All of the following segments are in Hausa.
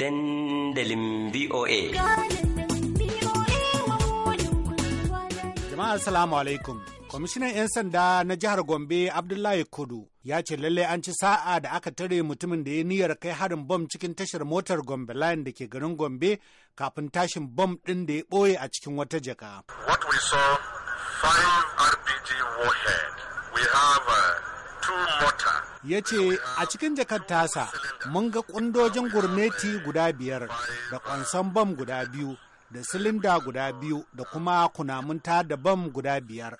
dandalin VOA. Jama'a Assalamu alaikum. Kwamishinan 'yan sanda na jihar Gombe Abdullahi Kudu ya ce lallai an ci sa'a da aka tare mutumin da ya niyyar kai harin bom cikin tashar motar Gombe Line da ke garin Gombe kafin tashin bom ɗin da ya ɓoye a cikin wata jaka. What we saw, five RPG warhead. We have uh, ya ce a cikin jakar tasa mun ga kundojin gurmeti guda biyar da kwansan bam guda biyu da silinda guda biyu da kuma kunamunta da bam guda biyar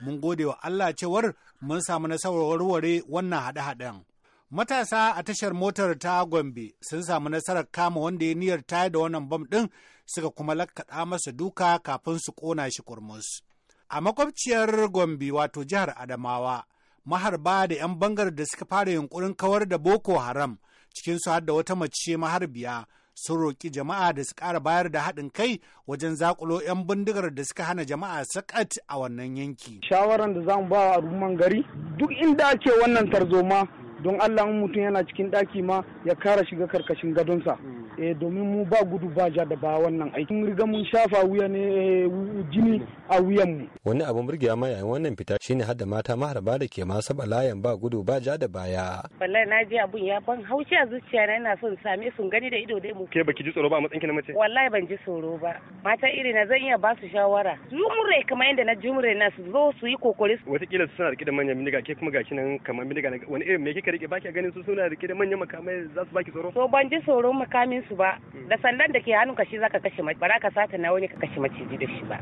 mun gode wa allah cewar mun samu nasarar warware wannan haɗe-haɗen matasa a tashar motar ta gombe sun samu nasarar kama wanda ya niyar ta da wannan bam ɗin suka kuma lakkaɗa masa duka kafin su ƙona shi kurmus a makwabciyar gombe wato jihar adamawa maharba da 'yan bangar da suka fara yunkurin kawar da boko haram cikin su har da wata mace maharbiya sun roƙi jama'a da su ƙara bayar da haɗin kai wajen zakulo 'yan bindigar da suka hana jama'a sakat a wannan yanki. Shawaran da zamu ba al'umman gari duk inda ake wannan tarzoma don Allah mutum yana cikin ɗaki ma ya kara shiga karkashin gadonsa. eh domin mu ba gudu ba ja da ba wannan aikin riga mun shafa wuya ne eh, jini a wuyan mu wani abun burgewa ma yayin wannan fita shine hadda mata maharba da ke ma saba layan ba gudu ba ja da baya wallahi na ji abun ya ban haushi a zuciya na ina son same sun gani da ido dai mu ke baki ji tsoro ba a matsayin ki na mace wallahi ban ji tsoro ba mata iri na zan iya ba su shawara jumure kamar yadda na jumure na su zo su yi kokori watakila su suna rike da manyan bindiga ke kuma gashi nan kamar bindiga wani irin me kika rike baki ganin su suna rike da manyan makamai za su baki tsoro to ban ji tsoro makamin su ba da sandan da ke hannun kashi zaka kashe mace ba ka sata na wani ka kashe maciji da shi ba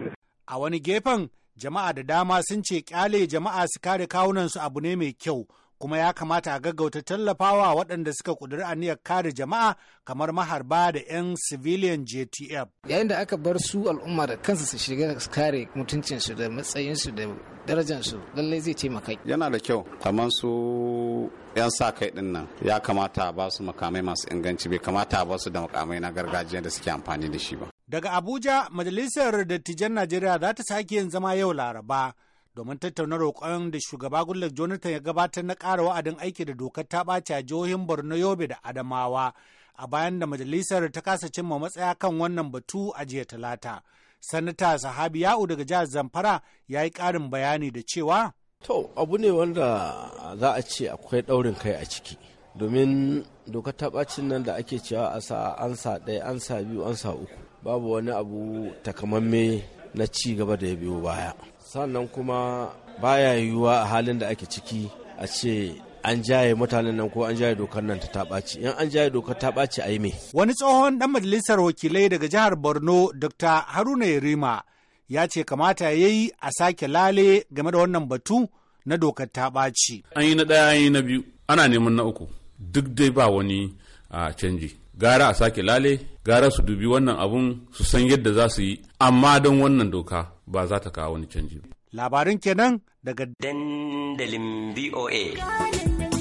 a wani gefen jama'a da dama sun ce kyale jama'a su kare kawunansu abu ne mai kyau kuma ya kamata a gaggauta tallafawa waɗanda suka a aniyar kare jama'a kamar maharba da 'yan civilian JTF. Yayin da aka bar su al'umma da kansu su shiga su kare mutuncinsu da matsayinsu da darajansu lallai zai taimaka. Yana da kyau kamar su 'yan sa kai dinnan ya kamata ba su makamai masu inganci bai kamata ba su da makamai na gargajiya da suke amfani da shi ba. Daga Abuja, Majalisar Dattijan Najeriya za ta sake yin zama yau Laraba. domin tattauna roƙon da shugaba Goodluck Jonathan ya gabatar na ƙara wa'adin aiki da dokar ta ɓaci a jihohin Borno Yobe da Adamawa a bayan da majalisar ta kasa cimma matsaya kan wannan batu a jiya talata. Sanata Sahabi Ya'u daga jihar Zamfara ya yi ƙarin bayani da cewa. To abu ne wanda za a ce akwai ɗaurin kai a ciki domin dokar ta ɓacin nan da ake cewa a sa an sa ɗaya an sa biyu an sa uku babu wani abu takamamme na ci gaba da ya biyo baya sannan kuma baya yiwuwa a halin da ake ciki a ce an jaye mutanen nan ko an jaye dokar nan ta tabaci in an jaye dokar ta baci a yi me. wani tsohon dan majalisar wakilai daga jihar borno dr haruna yarima ya ce kamata ya yi a sake lale game da wannan batu na dokar ta an yi na ɗaya an yi na biyu ana neman na uku duk dai ba wani a canji gara a sake lale gara su dubi wannan abun su san yadda za su yi amma don wannan doka ba za ta kawo wani canji. Labarin kenan daga dandalin VOA.